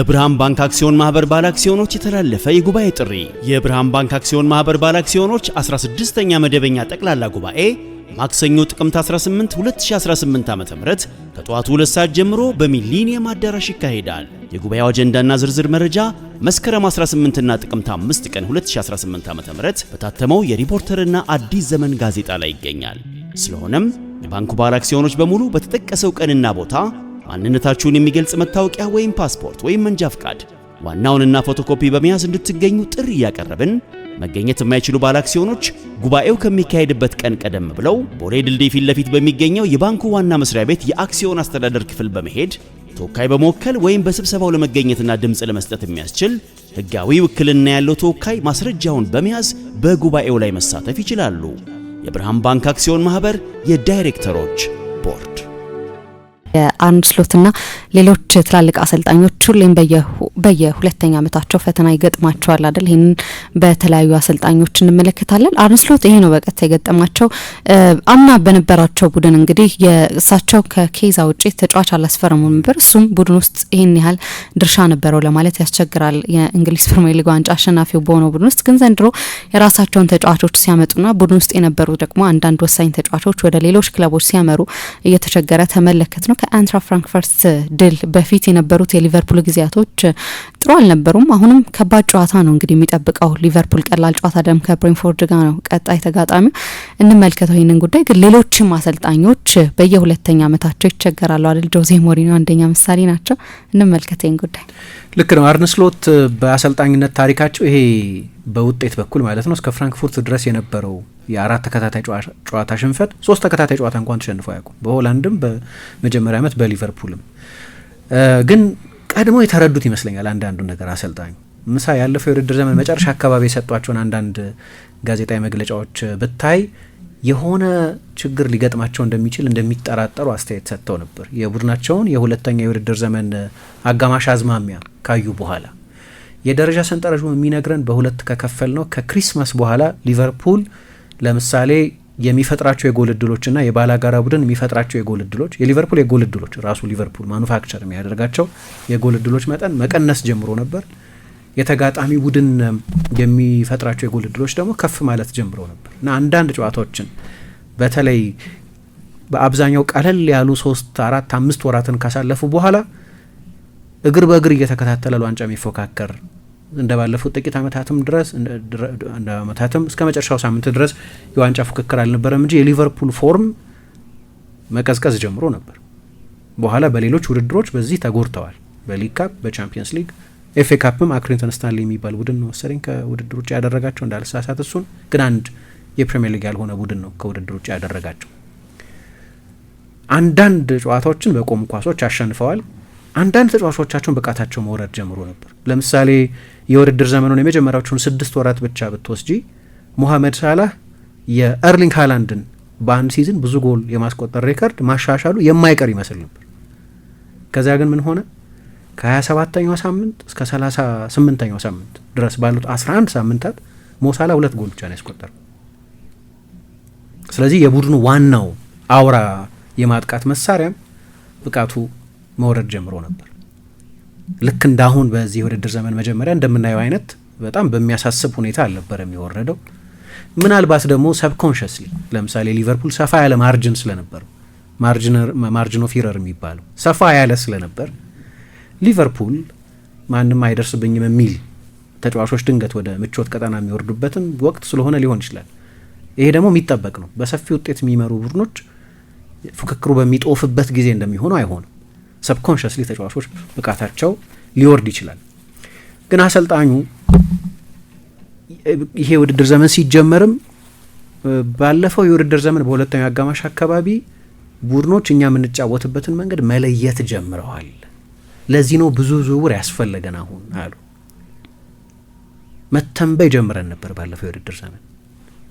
ለብርሃን ባንክ አክሲዮን ማህበር ባለ አክሲዮኖች የተላለፈ የጉባኤ ጥሪ የብርሃን ባንክ አክሲዮን ማህበር ባለ አክሲዮኖች 16ኛ መደበኛ ጠቅላላ ጉባኤ ማክሰኞ ጥቅምት 18 2018 ዓ.ም ከጠዋቱ 2 ሰዓት ጀምሮ በሚሊኒየም አዳራሽ ይካሄዳል። የጉባኤው አጀንዳና ዝርዝር መረጃ መስከረም 18ና ጥቅምት 5 ቀን 2018 ዓ.ም በታተመው የሪፖርተርና አዲስ ዘመን ጋዜጣ ላይ ይገኛል። ስለሆነም የባንኩ ባለ አክሲዮኖች በሙሉ በተጠቀሰው ቀንና ቦታ ማንነታችሁን የሚገልጽ መታወቂያ ወይም ፓስፖርት ወይም መንጃ ፍቃድ ዋናውንና ፎቶኮፒ በመያዝ እንድትገኙ ጥሪ እያቀረብን መገኘት የማይችሉ ባለአክሲዮኖች ጉባኤው ከሚካሄድበት ቀን ቀደም ብለው ቦሌ ድልድይ ፊት ለፊት በሚገኘው የባንኩ ዋና መስሪያ ቤት የአክሲዮን አስተዳደር ክፍል በመሄድ ተወካይ በመወከል ወይም በስብሰባው ለመገኘትና ድምፅ ለመስጠት የሚያስችል ሕጋዊ ውክልና ያለው ተወካይ ማስረጃውን በመያዝ በጉባኤው ላይ መሳተፍ ይችላሉ። የብርሃን ባንክ አክሲዮን ማህበር የዳይሬክተሮች ቦርድ የአርንስሎትና ሌሎች ትላልቅ አሰልጣኞች ሁሌም በየሁለተኛ አመታቸው ፈተና ይገጥማቸዋል አይደል? ይህንን በተለያዩ አሰልጣኞች እንመለከታለን። አርንስሎት ይሄ ነው በቀጥታ የገጠማቸው። አምና በነበራቸው ቡድን እንግዲህ የእሳቸው ከኬዛ ውጪ ተጫዋች አላስፈረሙ ነበር። እሱም ቡድን ውስጥ ይህን ያህል ድርሻ ነበረው ለማለት ያስቸግራል። የእንግሊዝ ፕሪሚየር ሊግ ዋንጫ አሸናፊው በሆነው ቡድን ውስጥ ግን ዘንድሮ የራሳቸውን ተጫዋቾች ሲያመጡና ቡድን ውስጥ የነበሩ ደግሞ አንዳንድ ወሳኝ ተጫዋቾች ወደ ሌሎች ክለቦች ሲያመሩ እየተቸገረ ተመለከት ነው። ከአንትራ ፍራንክፈርት ድል በፊት የነበሩት የሊቨርፑል ጊዜያቶች ጥሩ አልነበሩም። አሁንም ከባድ ጨዋታ ነው እንግዲህ የሚጠብቀው ሊቨርፑል። ቀላል ጨዋታ ደም ከብሬንፎርድ ጋር ነው ቀጣይ ተጋጣሚው። እንመልከተው ይህንን ጉዳይ ግን ሌሎችም አሰልጣኞች በየሁለተኛ ዓመታቸው ይቸገራሉ አይደል? ጆዜ ሞሪኖ አንደኛ ምሳሌ ናቸው። እንመልከተው ይህን ጉዳይ። ልክ ነው። አርነ በአሰልጣኝነት ታሪካቸው ይሄ በውጤት በኩል ማለት ነው እስከ ፍራንክፉርት ድረስ የነበረው የአራት ተከታታይ ጨዋታ ሽንፈት ሶስት ተከታታይ ጨዋታ እንኳን ተሸንፎ አያውቁም። በሆላንድም በመጀመሪያ ዓመት በሊቨርፑልም ግን ቀድሞ የተረዱት ይመስለኛል አንዳንዱ ነገር አሰልጣኙ ምሳ ያለፈው የውድድር ዘመን መጨረሻ አካባቢ የሰጧቸውን አንዳንድ ጋዜጣዊ መግለጫዎች ብታይ የሆነ ችግር ሊገጥማቸው እንደሚችል እንደሚጠራጠሩ አስተያየት ሰጥተው ነበር። የቡድናቸውን የሁለተኛ የውድድር ዘመን አጋማሽ አዝማሚያ ካዩ በኋላ የደረጃ ሰንጠረዥ የሚነግረን በሁለት ከከፈል ነው። ከክሪስማስ በኋላ ሊቨርፑል ለምሳሌ የሚፈጥራቸው የጎል እድሎችና የባላጋራ ቡድን የሚፈጥራቸው የጎል እድሎች የሊቨርፑል የጎል እድሎች ራሱ ሊቨርፑል ማኑፋክቸር የሚያደርጋቸው የጎል እድሎች መጠን መቀነስ ጀምሮ ነበር። የተጋጣሚ ቡድን የሚፈጥራቸው የጎል እድሎች ደግሞ ከፍ ማለት ጀምሮ ነበር እና አንዳንድ ጨዋታዎችን በተለይ በአብዛኛው ቀለል ያሉ ሶስት አራት አምስት ወራትን ካሳለፉ በኋላ እግር በእግር እየተከታተለ ለዋንጫ የሚፎካከር እንደ ባለፉት ጥቂት አመታትም ድረስ እንደ አመታትም እስከ መጨረሻው ሳምንት ድረስ የዋንጫ ፉክክር አልነበረም እንጂ የሊቨርፑል ፎርም መቀዝቀዝ ጀምሮ ነበር። በኋላ በሌሎች ውድድሮች በዚህ ተጎድተዋል። በሊግ ካፕ፣ በቻምፒየንስ ሊግ፣ ኤፍ ኤ ካፕም አክሪንተን ስታንሌ የሚባል ቡድን ነው መሰለኝ ከውድድር ውጭ ያደረጋቸው እንዳልሳሳት። እሱን ግን አንድ የፕሪምየር ሊግ ያልሆነ ቡድን ነው ከውድድር ውጭ ያደረጋቸው። አንዳንድ ጨዋታዎችን በቆሙ ኳሶች አሸንፈዋል። አንዳንድ ተጫዋቾቻቸውን ብቃታቸው መውረድ ጀምሮ ነበር። ለምሳሌ የውድድር ዘመኑን የመጀመሪያዎቹን ስድስት ወራት ብቻ ብትወስጂ ሞሐመድ ሳላህ የእርሊንግ ሃላንድን በአንድ ሲዝን ብዙ ጎል የማስቆጠር ሬከርድ ማሻሻሉ የማይቀር ይመስል ነበር። ከዚያ ግን ምን ሆነ? ከ27ኛው ሳምንት እስከ 38ኛው ሳምንት ድረስ ባሉት 11 ሳምንታት ሞሳላ ሁለት ጎል ብቻ ነው ያስቆጠረው። ስለዚህ የቡድኑ ዋናው አውራ የማጥቃት መሳሪያም ብቃቱ መውረድ ጀምሮ ነበር። ልክ እንዳሁን በዚህ የውድድር ዘመን መጀመሪያ እንደምናየው አይነት በጣም በሚያሳስብ ሁኔታ አልነበረም የወረደው። ምናልባት ደግሞ ሰብኮንሽስሊ ለምሳሌ ሊቨርፑል ሰፋ ያለ ማርጅን ስለነበር ማርጅን ኦፍ ኢረር የሚባለው ሰፋ ያለ ስለነበር ሊቨርፑል ማንም አይደርስብኝም የሚል ተጫዋቾች ድንገት ወደ ምቾት ቀጠና የሚወርዱበትም ወቅት ስለሆነ ሊሆን ይችላል። ይሄ ደግሞ የሚጠበቅ ነው። በሰፊ ውጤት የሚመሩ ቡድኖች ፉክክሩ በሚጦፍበት ጊዜ እንደሚሆኑ አይሆንም። ሰብኮንሽስሊ ተጫዋቾች ብቃታቸው ሊወርድ ይችላል። ግን አሰልጣኙ ይሄ የውድድር ዘመን ሲጀመርም ባለፈው የውድድር ዘመን በሁለተኛው አጋማሽ አካባቢ ቡድኖች እኛ የምንጫወትበትን መንገድ መለየት ጀምረዋል። ለዚህ ነው ብዙ ዝውውር ያስፈለገን አሁን አሉ። መተንበይ ጀምረን ነበር ባለፈው የውድድር ዘመን።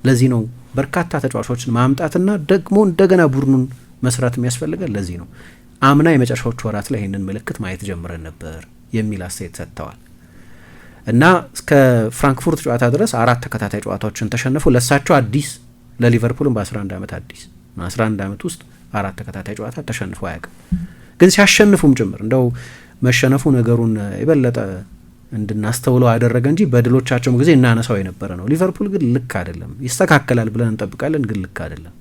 ለዚህ ነው በርካታ ተጫዋቾችን ማምጣትና ደግሞ እንደገና ቡድኑን መስራት የሚያስፈልገን ለዚህ ነው። አምና የመጨረሻዎቹ ወራት ላይ ይህንን ምልክት ማየት ጀምረን ነበር የሚል አስተያየት ሰጥተዋል። እና እስከ ፍራንክፉርት ጨዋታ ድረስ አራት ተከታታይ ጨዋታዎችን ተሸነፉ። ለእሳቸው አዲስ ለሊቨርፑልም በ11 ዓመት አዲስ 11 ዓመት ውስጥ አራት ተከታታይ ጨዋታ ተሸንፎ አያውቅም። ግን ሲያሸንፉም ጭምር እንደው መሸነፉ ነገሩን የበለጠ እንድናስተውለው ያደረገ እንጂ በድሎቻቸውም ጊዜ እናነሳው የነበረ ነው። ሊቨርፑል ግን ልክ አይደለም። ይስተካከላል ብለን እንጠብቃለን፣ ግን ልክ አይደለም።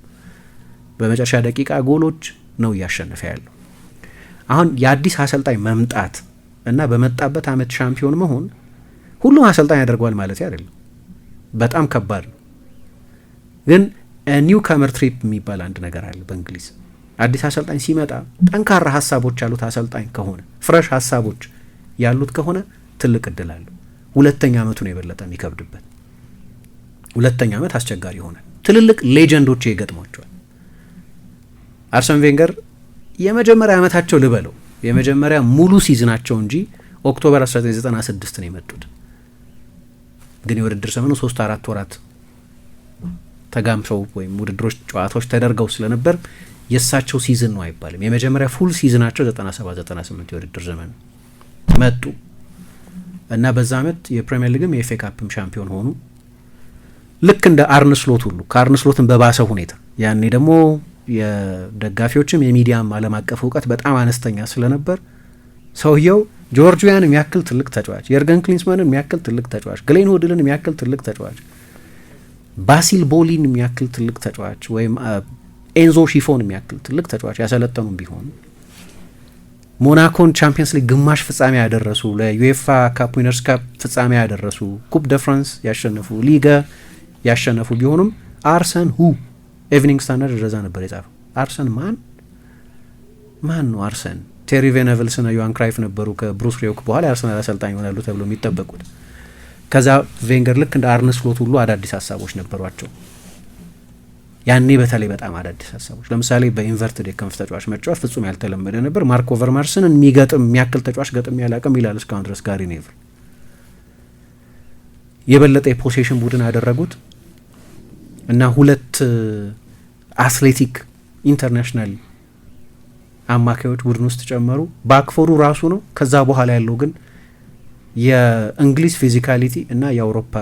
በመጨረሻ ደቂቃ ጎሎች ነው እያሸነፈ ያለው። አሁን የአዲስ አሰልጣኝ መምጣት እና በመጣበት አመት ሻምፒዮን መሆን ሁሉም አሰልጣኝ ያደርገዋል ማለት አይደለም። በጣም ከባድ ነው። ግን ኒው ከመር ትሪፕ የሚባል አንድ ነገር አለ በእንግሊዝ። አዲስ አሰልጣኝ ሲመጣ ጠንካራ ሀሳቦች ያሉት አሰልጣኝ ከሆነ ፍረሽ ሀሳቦች ያሉት ከሆነ ትልቅ እድል አለው። ሁለተኛ አመቱ ነው የበለጠ የሚከብድበት። ሁለተኛ አመት አስቸጋሪ ይሆናል። ትልልቅ ሌጀንዶች ይገጥሟቸዋል። አርሰን ቬንገር የመጀመሪያ ዓመታቸው ልበለው የመጀመሪያ ሙሉ ሲዝናቸው እንጂ ኦክቶበር 1996 ነው የመጡት። ግን የውድድር ዘመኑ ሶስት አራት ወራት ተጋምሰው ወይም ውድድሮች ጨዋታዎች ተደርገው ስለነበር የእሳቸው ሲዝን ነው አይባልም። የመጀመሪያ ፉል ሲዝናቸው 9798 የውድድር ዘመን መጡ እና በዛ ዓመት የፕሪምየር ሊግም የኤፌ ካፕም ሻምፒዮን ሆኑ። ልክ እንደ አርንስሎት ሁሉ ከአርንስሎትን በባሰ ሁኔታ ያኔ ደግሞ የደጋፊዎችም የሚዲያም ዓለም አቀፍ እውቀት በጣም አነስተኛ ስለነበር ሰውየው ጆርጂያን የሚያክል ትልቅ ተጫዋች፣ የእርገን ክሊንስመን የሚያክል ትልቅ ተጫዋች፣ ግሌን ሆድልን የሚያክል ትልቅ ተጫዋች፣ ባሲል ቦሊን የሚያክል ትልቅ ተጫዋች ወይም ኤንዞ ሺፎን የሚያክል ትልቅ ተጫዋች ያሰለጠኑ ቢሆን ሞናኮን ቻምፒየንስ ሊግ ግማሽ ፍጻሜ ያደረሱ፣ ለዩኤፋ ካፕ ዊነርስ ካፕ ፍጻሜ ያደረሱ፣ ኩፕ ደ ፍራንስ ያሸነፉ፣ ሊገ ያሸነፉ ቢሆኑም አርሰን ሁ ኤቭኒንግ ስታንዳርድ እንደዛ ነበር የጻፈው። አርሰን ማን ማን ነው አርሰን? ቴሪ ቬነቨልስ ና ዮሃን ክራይፍ ነበሩ ከብሩስ ሪዮክ በኋላ የአርሰናል አሰልጣኝ ይሆናሉ ተብሎ የሚጠበቁት። ከዛ ቬንገር ልክ እንደ አርነ ሁሉ አዳዲስ ሀሳቦች ነበሯቸው። ያኔ በተለይ በጣም አዳዲስ ሀሳቦች፣ ለምሳሌ በኢንቨርትድ የክንፍ ተጫዋች መጫወት ፍጹም ያልተለመደ ነበር። ኦቨር ማርስን የሚገጥም የሚያክል ተጫዋች ገጥም ያላቅም ይላል እስካሁን ድረስ ጋሪ ኔቭል። የበለጠ የፖሴሽን ቡድን አደረጉት። እና ሁለት አትሌቲክ ኢንተርናሽናል አማካዮች ቡድን ውስጥ ጨመሩ። ባክፎሩ ራሱ ነው። ከዛ በኋላ ያለው ግን የእንግሊዝ ፊዚካሊቲ እና የአውሮፓ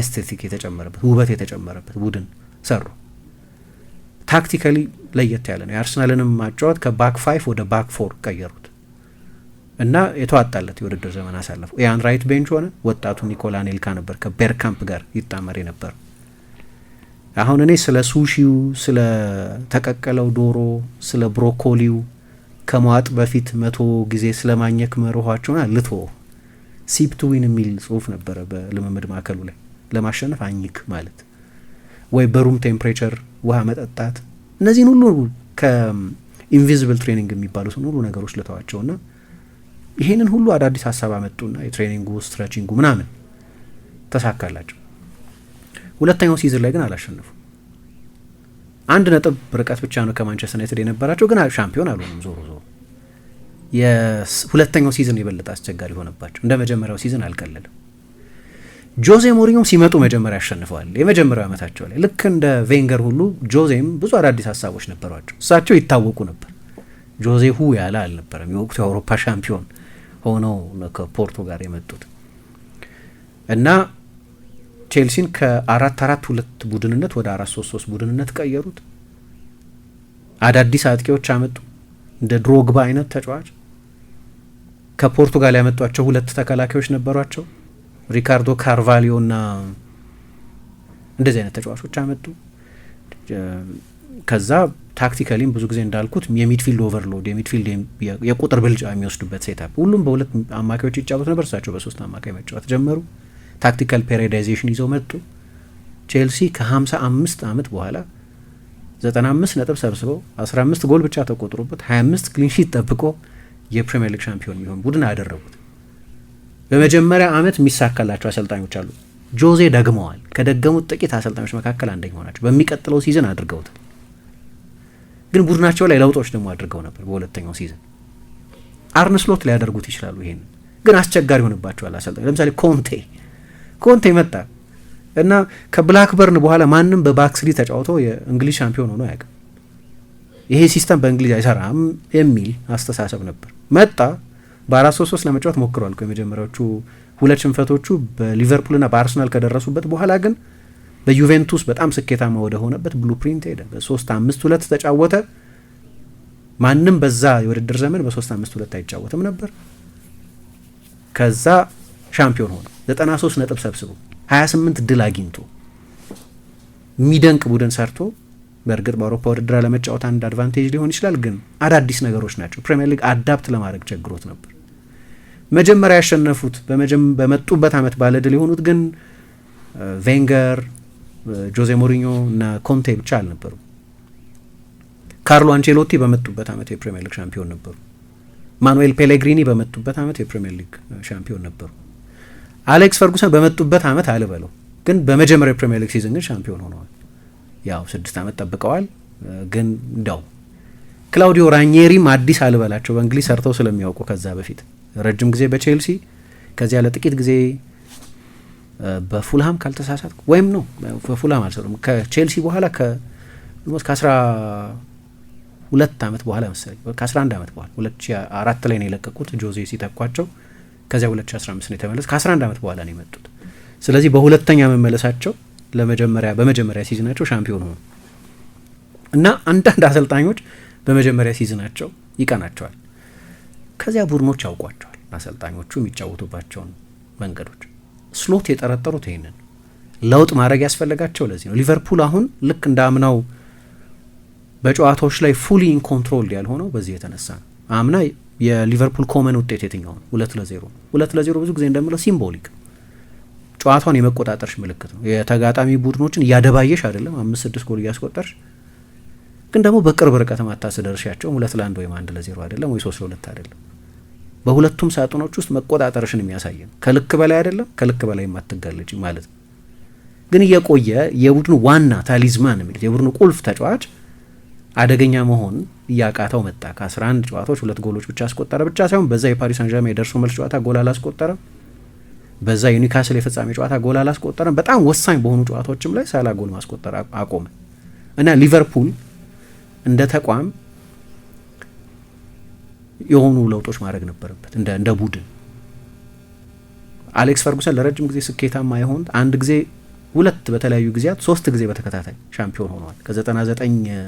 ኤስቴቲክ የተጨመረበት ውበት የተጨመረበት ቡድን ሰሩ። ታክቲካሊ ለየት ያለ ነው። የአርሰናልንም ማጫወት ከባክ ፋይፍ ወደ ባክ ፎር ቀየሩት እና የተዋጣለት የውድድር ዘመን አሳለፉ። የአንራይት ቤንች ሆነ። ወጣቱ ኒኮላ ኔልካ ነበር ከቤርካምፕ ጋር ይጣመር ነበር። አሁን እኔ ስለ ሱሺው፣ ስለ ተቀቀለው ዶሮ፣ ስለ ብሮኮሊው ከመዋጥ በፊት መቶ ጊዜ ስለ ማኘክ መርኋቸውና ልቶ ዊን የሚል ጽሁፍ ነበረ በልምምድ ማዕከሉ ላይ ለማሸነፍ አኝክ ማለት ወይ በሩም ቴምፕሬቸር ውሃ መጠጣት እነዚህን ሁሉ ከኢንቪዚብል ትሬኒንግ የሚባሉትን ሁሉ ነገሮች ልተዋቸውና ይህንን ሁሉ አዳዲስ ሀሳብ አመጡና የትሬኒንጉ ስትረቺንጉ ምናምን ተሳካላቸው። ሁለተኛው ሲዝን ላይ ግን አላሸነፉም። አንድ ነጥብ ርቀት ብቻ ነው ከማንቸስተር ዩናይትድ የነበራቸው፣ ግን ሻምፒዮን አልሆኑም። ዞሮ ዞሮ የሁለተኛው ሲዝን የበለጠ አስቸጋሪ ሆነባቸው። እንደ መጀመሪያው ሲዝን አልቀለልም። ጆዜ ሞሪኞም ሲመጡ መጀመሪያ አሸንፈዋል። የመጀመሪያው ዓመታቸው ላይ ልክ እንደ ቬንገር ሁሉ ጆዜም ብዙ አዳዲስ ሀሳቦች ነበሯቸው። እሳቸው ይታወቁ ነበር። ጆዜ ሁ ያለ አልነበረም። የወቅቱ የአውሮፓ ሻምፒዮን ሆነው ከፖርቶ ጋር የመጡት እና ቼልሲን ከአራት አራት ሁለት ቡድንነት ወደ አራት ሶስት ሶስት ቡድንነት ቀየሩት። አዳዲስ አጥቂዎች አመጡ፣ እንደ ድሮግባ አይነት ተጫዋች። ከፖርቱጋል ያመጧቸው ሁለት ተከላካዮች ነበሯቸው፣ ሪካርዶ ካርቫሊዮ ና እንደዚህ አይነት ተጫዋቾች አመጡ። ከዛ ታክቲካሊም ብዙ ጊዜ እንዳልኩት የሚድፊልድ ኦቨርሎድ የሚድፊልድ የቁጥር ብልጫ የሚወስዱበት ሴታፕ፣ ሁሉም በሁለት አማካዮች ይጫወቱ ነበር። እሳቸው በሶስት አማካይ መጫወት ጀመሩ። ታክቲካል ፔሪዳይዜሽን ይዘው መጡ። ቼልሲ ከ55 ዓመት በኋላ 95 ነጥብ ሰብስበው 15 ጎል ብቻ ተቆጥሮበት 25 ክሊንሺት ጠብቆ የፕሪሚየር ሊግ ሻምፒዮን የሚሆን ቡድን አደረጉት። በመጀመሪያ ዓመት የሚሳካላቸው አሰልጣኞች አሉ። ጆዜ ደግመዋል። ከደገሙት ጥቂት አሰልጣኞች መካከል አንደኛው ናቸው። በሚቀጥለው ሲዝን አድርገውታል። ግን ቡድናቸው ላይ ለውጦች ደግሞ አድርገው ነበር። በሁለተኛው ሲዝን አርነ ሊያደርጉት ይችላሉ። ይሄንን ግን አስቸጋሪ ሆንባቸዋል አሰልጣኞች ለምሳሌ ኮንቴ ኮንቴ መጣ እና ከብላክበርን በኋላ ማንም በባክስሊ ተጫውቶ የእንግሊዝ ሻምፒዮን ሆኖ አያውቅም። ይሄ ሲስተም በእንግሊዝ አይሰራም የሚል አስተሳሰብ ነበር። መጣ በአራት ሶስት ሶስት ለመጫወት ሞክረዋል እኮ የመጀመሪያዎቹ ሁለት ሽንፈቶቹ በሊቨርፑልና በአርሰናል ከደረሱበት በኋላ ግን በዩቬንቱስ በጣም ስኬታማ ሆነበት ብሉፕሪንት ሄደ። በሶስት አምስት ሁለት ተጫወተ። ማንም በዛ የውድድር ዘመን በሶስት አምስት ሁለት አይጫወትም ነበር። ከዛ ሻምፒዮን ሆነ። 93 ነጥብ ሰብስቦ 28 ድል አግኝቶ የሚደንቅ ቡድን ሰርቶ በእርግጥ በአውሮፓ ውድድር ለመጫወት አንድ አድቫንቴጅ ሊሆን ይችላል፣ ግን አዳዲስ ነገሮች ናቸው። ፕሪሚየር ሊግ አዳፕት ለማድረግ ቸግሮት ነበር። መጀመሪያ ያሸነፉት በመጡበት ዓመት ባለድል የሆኑት ግን ቬንገር፣ ጆዜ ሞሪኞ እና ኮንቴ ብቻ አልነበሩም። ካርሎ አንቼሎቲ በመጡበት ዓመት የፕሪሚየር ሊግ ሻምፒዮን ነበሩ። ማኑኤል ፔሌግሪኒ በመጡበት ዓመት የፕሪሚየር ሊግ ሻምፒዮን ነበሩ። አሌክስ ፈርጉሰን በመጡበት አመት አልበለው ግን በመጀመሪያ ፕሪሚየር ሊግ ሲዝን ግን ሻምፒዮን ሆነዋል። ያው ስድስት አመት ጠብቀዋል። ግን እንደው ክላውዲዮ ራኒሪም አዲስ አልበላቸው በእንግሊዝ ሰርተው ስለሚያውቁ ከዛ በፊት ረጅም ጊዜ በቼልሲ ከዚያ ለጥቂት ጊዜ በፉልሃም ካልተሳሳት ወይም ነው በፉልሃም አልሰሩም። ከቼልሲ በኋላ ከአስራ ሁለት አመት በኋላ መሰለኝ ከአስራ አንድ አመት በኋላ ሁለት ሺህ አራት ላይ ነው የለቀቁት ጆዜ ሲተኳቸው ከዚያ 2015 ነው የተመለሱት። ከ11 ዓመት በኋላ ነው የመጡት። ስለዚህ በሁለተኛ መመለሳቸው ለመጀመሪያ በመጀመሪያ ሲዝናቸው ሻምፒዮን ሆኑ እና አንዳንድ አሰልጣኞች በመጀመሪያ ሲዝናቸው ይቀናቸዋል። ከዚያ ቡድኖች ያውቋቸዋል፣ አሰልጣኞቹ የሚጫወቱባቸውን መንገዶች። ስሎት የጠረጠሩት ይህንን ለውጥ ማድረግ ያስፈለጋቸው ለዚህ ነው። ሊቨርፑል አሁን ልክ እንደ አምናው በጨዋታዎች ላይ ፉሊ ኢን ኮንትሮል ያልሆነው በዚህ የተነሳ ነው። አምና የሊቨርፑል ኮመን ውጤት የትኛው ነው? ሁለት ለዜሮ ሁለት ለዜሮ ብዙ ጊዜ እንደምለው ሲምቦሊክ ጨዋታውን የመቆጣጠርሽ ምልክት ነው። የተጋጣሚ ቡድኖችን እያደባየሽ አይደለም፣ አምስት ስድስት ጎል እያስቆጠርሽ ግን ደግሞ በቅርብ ርቀት ማታስደርሻቸውም ሁለት ለአንድ ወይም አንድ ለዜሮ አይደለም ወይ ሶስት ለሁለት አይደለም። በሁለቱም ሳጥኖች ውስጥ መቆጣጠርሽን የሚያሳይ ነው። ከልክ በላይ አይደለም፣ ከልክ በላይ የማትጋለጭ ማለት ነው። ግን እየቆየ የቡድኑ ዋና ታሊዝማን የሚሉት የቡድኑ ቁልፍ ተጫዋች አደገኛ መሆን እያቃተው መጣ። ከ11 ጨዋታዎች ሁለት ጎሎች ብቻ አስቆጠረ ብቻ ሳይሆን በዛ የፓሪስ ሳን የደርሶ መልስ ጨዋታ ጎል አላስቆጠረም። በዛ የኒውካስል የፍጻሜ ጨዋታ ጎል አላስቆጠረም። በጣም ወሳኝ በሆኑ ጨዋታዎችም ላይ ሳላ ጎል ማስቆጠር አቆመ እና ሊቨርፑል እንደ ተቋም የሆኑ ለውጦች ማድረግ ነበረበት እንደ ቡድን። አሌክስ ፈርጉሰን ለረጅም ጊዜ ስኬታማ የሆን አንድ ጊዜ ሁለት በተለያዩ ጊዜያት ሶስት ጊዜ በተከታታይ ሻምፒዮን ሆነዋል ከ99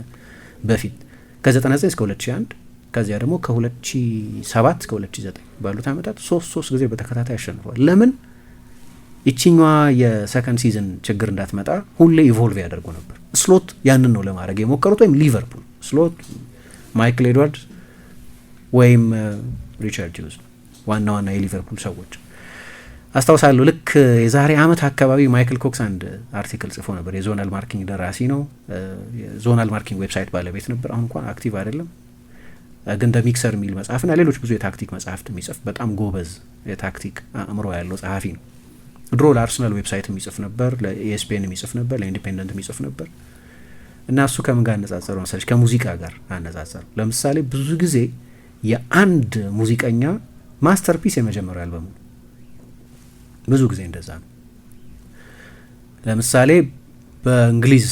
በፊት ከ99 እስከ 2001 ከዚያ ደግሞ ከ2007 እስከ 2009 ባሉት ዓመታት ሶስት ሶስት ጊዜ በተከታታይ አሸንፏል። ለምን ይችኛዋ የሰከንድ ሲዝን ችግር እንዳትመጣ ሁሌ ኢቮልቭ ያደርጉ ነበር። ስሎት ያንን ነው ለማድረግ የሞከሩት ወይም ሊቨርፑል ስሎት፣ ማይክል ኤድዋርድ ወይም uh, ሪቻርድ ሂውዝ ዋና ዋና የሊቨርፑል ሰዎች አስታውሳለሁ ልክ የዛሬ አመት አካባቢ ማይክል ኮክስ አንድ አርቲክል ጽፎ ነበር። የዞናል ማርኪንግ ደራሲ ነው። ዞናል ማርኪንግ ዌብሳይት ባለቤት ነበር። አሁን እንኳን አክቲቭ አይደለም፣ ግን ሚክሰር የሚል መጽሐፍና ሌሎች ብዙ የታክቲክ መጽሐፍት የሚጽፍ በጣም ጎበዝ የታክቲክ አእምሮ ያለው ጸሐፊ ነው። ድሮ ለአርሰናል ዌብሳይት የሚጽፍ ነበር፣ ለኢኤስፒኤን የሚጽፍ ነበር፣ ለኢንዲፔንደንት የሚጽፍ ነበር እና እሱ ከምን ጋር አነጻጸሩ መሰለች? ከሙዚቃ ጋር አነጻጸሩ። ለምሳሌ ብዙ ጊዜ የአንድ ሙዚቀኛ ማስተርፒስ የመጀመሪያ አልበሙ ብዙ ጊዜ እንደዛ ነው። ለምሳሌ በእንግሊዝ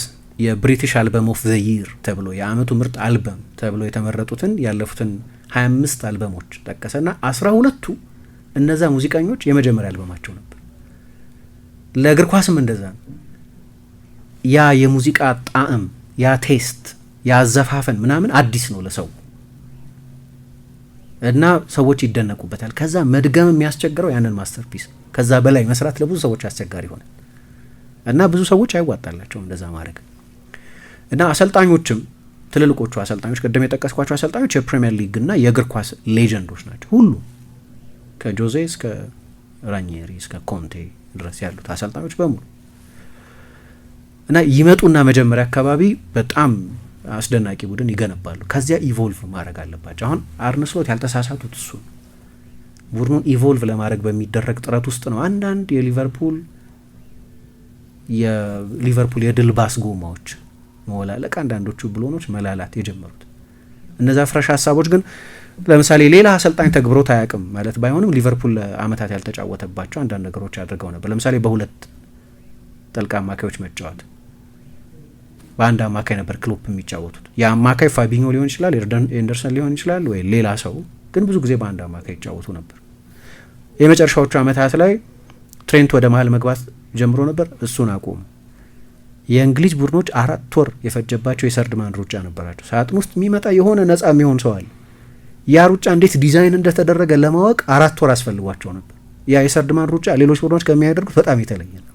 የብሪቲሽ አልበም ኦፍ ዘ ይር ተብሎ የአመቱ ምርጥ አልበም ተብሎ የተመረጡትን ያለፉትን 25 አልበሞች ጠቀሰና አስራ ሁለቱ እነዛ ሙዚቀኞች የመጀመሪያ አልበማቸው ነበር። ለእግር ኳስም እንደዛ ነው። ያ የሙዚቃ ጣዕም፣ ያ ቴስት፣ ያ አዘፋፈን ምናምን አዲስ ነው ለሰው እና ሰዎች ይደነቁበታል። ከዛ መድገም የሚያስቸግረው ያንን ማስተርፒስ ከዛ በላይ መስራት ለብዙ ሰዎች አስቸጋሪ ይሆናል እና ብዙ ሰዎች አይዋጣላቸውም እንደዛ ማድረግ እና አሰልጣኞችም ትልልቆቹ አሰልጣኞች ቅድም የጠቀስኳቸው አሰልጣኞች የፕሪሚየር እና የእግር ኳስ ሌጀንዶች ናቸው። ሁሉ ከጆዜ እስከ ራኒሪ እስከ ኮንቴ ድረስ ያሉት አሰልጣኞች በሙሉ እና ይመጡና መጀመሪያ አካባቢ በጣም አስደናቂ ቡድን ይገነባሉ። ከዚያ ኢቮልቭ ማድረግ አለባቸው። አሁን አርንስሎት ያልተሳሳቱት እሱ ቡድኑን ኢቮልቭ ለማድረግ በሚደረግ ጥረት ውስጥ ነው አንዳንድ የሊቨርፑል የሊቨርፑል የድል ባስ ጎማዎች መወላለቅ፣ አንዳንዶቹ ብሎኖች መላላት የጀመሩት እነዛ ፍረሽ ሀሳቦች ግን ለምሳሌ ሌላ አሰልጣኝ ተግብሮት አያውቅም ማለት ባይሆንም ሊቨርፑል ለአመታት ያልተጫወተባቸው አንዳንድ ነገሮች አድርገው ነበር። ለምሳሌ በሁለት ጥልቅ አማካዮች መጫወት በአንድ አማካይ ነበር ክሎፕ የሚጫወቱት። የአማካይ ፋቢኞ ሊሆን ይችላል፣ ኤንደርሰን ሊሆን ይችላል፣ ወይ ሌላ ሰው፣ ግን ብዙ ጊዜ በአንድ አማካይ ይጫወቱ ነበር። የመጨረሻዎቹ ዓመታት ላይ ትሬንት ወደ መሀል መግባት ጀምሮ ነበር፣ እሱን አቆሙ። የእንግሊዝ ቡድኖች አራት ወር የፈጀባቸው የሰርድ ማን ሩጫ ነበራቸው። ሳጥን ውስጥ የሚመጣ የሆነ ነጻ የሚሆን ሰው አለ። ያ ሩጫ እንዴት ዲዛይን እንደተደረገ ለማወቅ አራት ወር አስፈልጓቸው ነበር። ያ የሰርድ ማን ሩጫ ሌሎች ቡድኖች ከሚያደርጉት በጣም የተለየ ነው።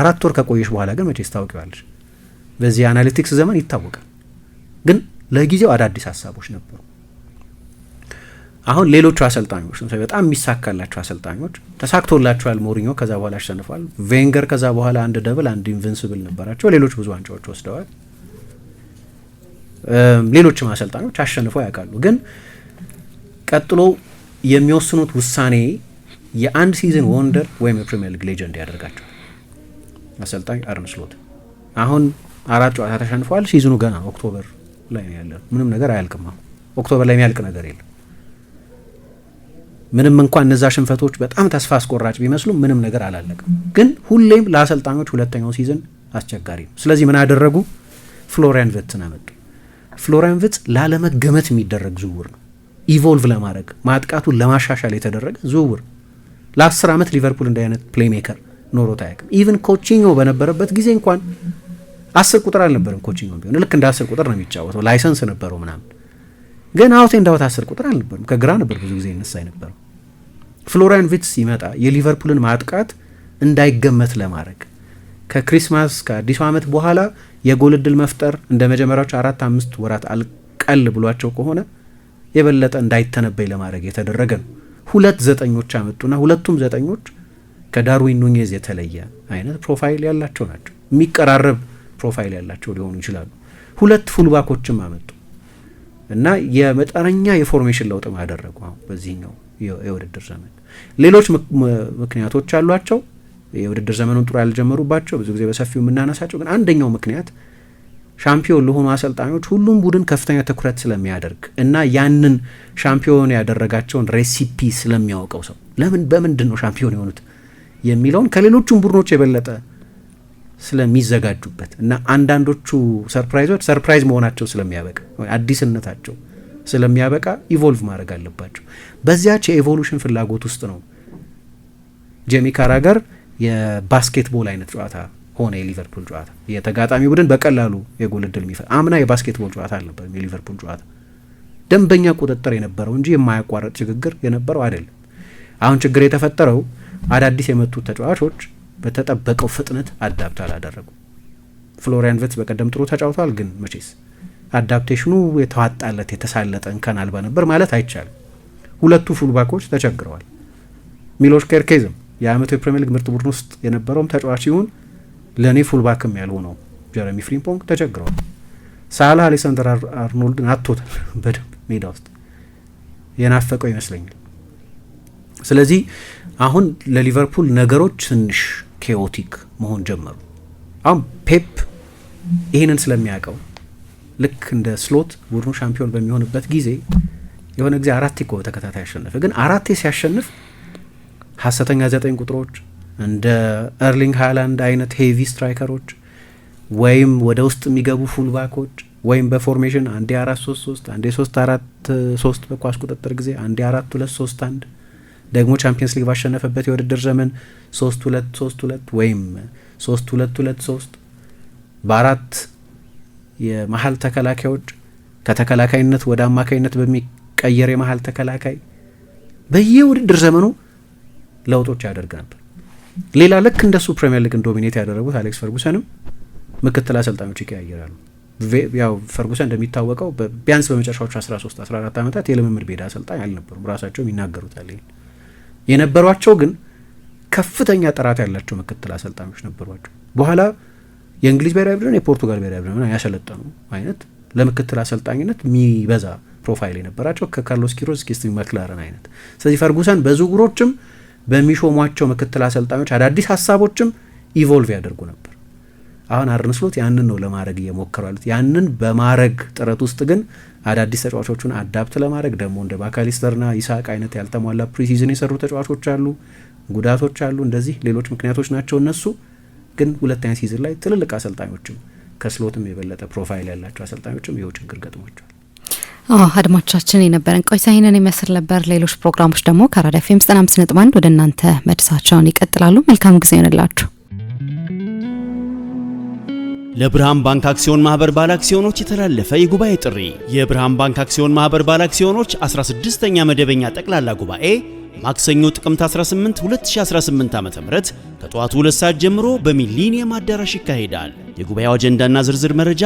አራት ወር ከቆየሽ በኋላ ግን መቼ ታውቂዋለች። በዚህ የአናሊቲክስ ዘመን ይታወቃል። ግን ለጊዜው አዳዲስ ሀሳቦች ነበሩ። አሁን ሌሎቹ አሰልጣኞች ለምሳሌ በጣም የሚሳካላቸው አሰልጣኞች ተሳክቶላቸዋል። ሞሪኞ ከዛ በኋላ አሸንፏል። ቬንገር ከዛ በኋላ አንድ ደብል አንድ ኢንቨንስብል ነበራቸው። ሌሎች ብዙ ዋንጫዎች ወስደዋል። ሌሎችም አሰልጣኞች አሸንፈው ያውቃሉ። ግን ቀጥሎ የሚወስኑት ውሳኔ የአንድ ሲዝን ወንደር ወይም የፕሪሚየር ሊግ ሌጀንድ ያደርጋቸዋል። አሰልጣኝ አርነ ስሎት አሁን አራት ጨዋታ ተሸንፏል። ሲዝኑ ገና ኦክቶበር ላይ ያለ። ምንም ነገር አያልቅም። ኦክቶበር ላይ የሚያልቅ ነገር የለም። ምንም እንኳን እነዛ ሽንፈቶች በጣም ተስፋ አስቆራጭ ቢመስሉም ምንም ነገር አላለቅም። ግን ሁሌም ለአሰልጣኞች ሁለተኛው ሲዝን አስቸጋሪ ነው። ስለዚህ ምን አደረጉ? ፍሎሪያን ቨትስን አመጡ። ፍሎሪያን ቨትስ ላለመገመት የሚደረግ ዝውውር ነው። ኢቮልቭ ለማድረግ ማጥቃቱን ለማሻሻል የተደረገ ዝውውር። ለአስር ዓመት ሊቨርፑል እንዲህ አይነት ፕሌይሜከር ኖሮት አያውቅም። ኢቨን ኮቺኞ በነበረበት ጊዜ እንኳን አስር ቁጥር አልነበረም ኮችኛውም ቢሆን ልክ እንደ አስር ቁጥር ነው የሚጫወተው ላይሰንስ ነበረው ምናምን ግን አውቴ እንዳወት አስር ቁጥር አልነበርም ከግራ ነበር ብዙ ጊዜ ይነሳ የነበረው ፍሎሪያን ቪትስ ሲመጣ የሊቨርፑልን ማጥቃት እንዳይገመት ለማድረግ ከክሪስማስ ከአዲሱ ዓመት በኋላ የጎል እድል መፍጠር እንደ መጀመሪያዎቹ አራት አምስት ወራት አልቀል ብሏቸው ከሆነ የበለጠ እንዳይተነበይ ለማድረግ የተደረገ ነው። ሁለት ዘጠኞች አመጡና ሁለቱም ዘጠኞች ከዳርዊን ኑኔዝ የተለየ አይነት ፕሮፋይል ያላቸው ናቸው የሚቀራረብ ፕሮፋይል ያላቸው ሊሆኑ ይችላሉ። ሁለት ፉልባኮችም አመጡ እና የመጠነኛ የፎርሜሽን ለውጥም አደረጉ። አሁን በዚህኛው የውድድር ዘመን ሌሎች ምክንያቶች አሏቸው። የውድድር ዘመኑን ጥሩ ያልጀመሩባቸው ብዙ ጊዜ በሰፊው የምናነሳቸው ግን አንደኛው ምክንያት ሻምፒዮን ለሆኑ አሰልጣኞች ሁሉም ቡድን ከፍተኛ ትኩረት ስለሚያደርግ እና ያንን ሻምፒዮን ያደረጋቸውን ሬሲፒ ስለሚያውቀው ሰው ለምን በምንድን ነው ሻምፒዮን የሆኑት የሚለውን ከሌሎቹም ቡድኖች የበለጠ ስለሚዘጋጁበት እና አንዳንዶቹ ሰርፕራይዞች ሰርፕራይዝ መሆናቸው ስለሚያበቃ አዲስነታቸው ስለሚያበቃ ኢቮልቭ ማድረግ አለባቸው። በዚያች የኤቮሉሽን ፍላጎት ውስጥ ነው ጄሚ ካራገር የባስኬትቦል አይነት ጨዋታ ሆነ የሊቨርፑል ጨዋታ። የተጋጣሚ ቡድን በቀላሉ የጎል እድል የሚፈ አምና የባስኬትቦል ጨዋታ አልነበርም የሊቨርፑል ጨዋታ ደንበኛ ቁጥጥር የነበረው እንጂ የማያቋረጥ ችግግር የነበረው አይደለም። አሁን ችግር የተፈጠረው አዳዲስ የመጡት ተጫዋቾች በተጠበቀው ፍጥነት አዳፕት አላደረጉ። ፍሎሪያን ቨትስ በቀደም ጥሩ ተጫውቷል፣ ግን መቼስ አዳፕቴሽኑ የተዋጣለት የተሳለጠ እንከን አልባ ነበር ማለት አይቻልም። ሁለቱ ፉልባኮች ተቸግረዋል። ሚሎሽ ኬርኬዝም የአመቱ የፕሪሚየር ሊግ ምርጥ ቡድን ውስጥ የነበረውም ተጫዋች ሲሆን ለእኔ ፉልባክም ያልሆነው ጀረሚ ፍሪምፖንግ ተቸግረዋል። ሳላ አሌክሳንደር አርኖልድን አቶታል በደንብ ሜዳ ውስጥ የናፈቀው ይመስለኛል። ስለዚህ አሁን ለሊቨርፑል ነገሮች ትንሽ ኬኦቲክ መሆን ጀመሩ። አሁን ፔፕ ይህንን ስለሚያውቀው ልክ እንደ ስሎት ቡድኑ ሻምፒዮን በሚሆንበት ጊዜ የሆነ ጊዜ አራቴ እኮ ተከታታይ ያሸነፈ፣ ግን አራቴ ሲያሸንፍ ሀሰተኛ ዘጠኝ ቁጥሮች እንደ ኤርሊንግ ሃላንድ አይነት ሄቪ ስትራይከሮች ወይም ወደ ውስጥ የሚገቡ ፉልባኮች ወይም በፎርሜሽን አንዴ አራት ሶስት ሶስት አንዴ ሶስት አራት ሶስት በኳስ ቁጥጥር ጊዜ አንዴ አራት ሁለት ሶስት አንድ ደግሞ ቻምፒየንስ ሊግ ባሸነፈበት የውድድር ዘመን ሶስት ሁለት ሶስት ሁለት ወይም ሶስት ሁለት ሁለት ሶስት በአራት የመሀል ተከላካዮች ከተከላካይነት ወደ አማካይነት በሚቀየር የመሀል ተከላካይ በየውድድር ዘመኑ ለውጦች ያደርግ ነበር። ሌላ ልክ እንደሱ ፕሪሚየር ሊግን ዶሚኔት ያደረጉት አሌክስ ፈርጉሰንም ምክትል አሰልጣኞች ይቀያየራሉ። ያው ፈርጉሰን እንደሚታወቀው ቢያንስ በመጨረሻዎቹ 13 14 ዓመታት የልምምድ ቤዳ አሰልጣኝ አልነበሩም። ራሳቸውም ይናገሩታል ይሄን የነበሯቸው ግን ከፍተኛ ጥራት ያላቸው ምክትል አሰልጣኞች ነበሯቸው። በኋላ የእንግሊዝ ብሔራዊ ቡድን የፖርቱጋል ብሔራዊ ቡድን ያሰለጠኑ አይነት ለምክትል አሰልጣኝነት የሚበዛ ፕሮፋይል የነበራቸው ከካርሎስ ኪሮስ እስከ ስቲቭ ማክላረን አይነት። ስለዚህ ፈርጉሰን በዝውውሮችም በሚሾሟቸው ምክትል አሰልጣኞች አዳዲስ ሀሳቦችም ኢቮልቭ ያደርጉ ነበር። አሁን አርነ ስሎት ያንን ነው ለማድረግ እየሞከሩ ያሉት። ያንን በማድረግ ጥረት ውስጥ ግን አዳዲስ ተጫዋቾቹን አዳፕት ለማድረግ ደግሞ እንደ ባካሊስተርና ኢሳቅ አይነት ያልተሟላ ፕሪሲዝን የሰሩ ተጫዋቾች አሉ፣ ጉዳቶች አሉ፣ እንደዚህ ሌሎች ምክንያቶች ናቸው። እነሱ ግን ሁለተኛ ሲዝን ላይ ትልልቅ አሰልጣኞችም ከስሎትም የበለጠ ፕሮፋይል ያላቸው አሰልጣኞችም ይኸው ችግር ገጥሟቸዋል። አድማጮቻችን የነበረን ቆይታ ይህንን ይመስል ነበር። ሌሎች ፕሮግራሞች ደግሞ ከአራዳ ኤፍ ኤም ዘጠና አምስት ነጥብ አንድ ወደ እናንተ መድሳቸውን ይቀጥላሉ። መልካም ጊዜ ይሆንላችሁ። ለብርሃን ባንክ አክሲዮን ማህበር ባለ አክሲዮኖች የተላለፈ የጉባኤ ጥሪ የብርሃን ባንክ አክሲዮን ማህበር ባለ አክሲዮኖች 16ኛ መደበኛ ጠቅላላ ጉባኤ ማክሰኞ ጥቅምት 18 2018 ዓ.ም ከጠዋቱ 2 ሰዓት ጀምሮ በሚሊኒየም አዳራሽ ይካሄዳል። የጉባኤው አጀንዳና ዝርዝር መረጃ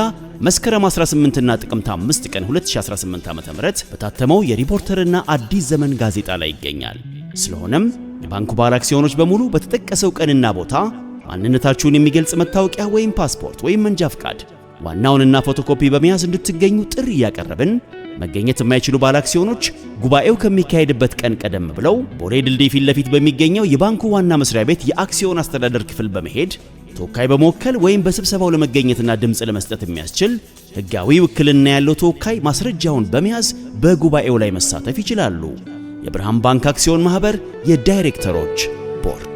መስከረም 18ና ጥቅምት 5 ቀን 2018 ዓ.ም በታተመው የሪፖርተርና አዲስ ዘመን ጋዜጣ ላይ ይገኛል። ስለሆነም የባንኩ ባለ አክሲዮኖች በሙሉ በተጠቀሰው ቀንና ቦታ ማንነታችሁን የሚገልጽ መታወቂያ ወይም ፓስፖርት ወይም መንጃ ፍቃድ ዋናውንና ፎቶኮፒ በመያዝ እንድትገኙ ጥሪ እያቀረብን መገኘት የማይችሉ ባለአክሲዮኖች ጉባኤው ከሚካሄድበት ቀን ቀደም ብለው ቦሌ ድልድይ ፊት ለፊት በሚገኘው የባንኩ ዋና መስሪያ ቤት የአክሲዮን አስተዳደር ክፍል በመሄድ ተወካይ በመወከል ወይም በስብሰባው ለመገኘትና ድምፅ ለመስጠት የሚያስችል ሕጋዊ ውክልና ያለው ተወካይ ማስረጃውን በመያዝ በጉባኤው ላይ መሳተፍ ይችላሉ። የብርሃን ባንክ አክሲዮን ማህበር የዳይሬክተሮች ቦርድ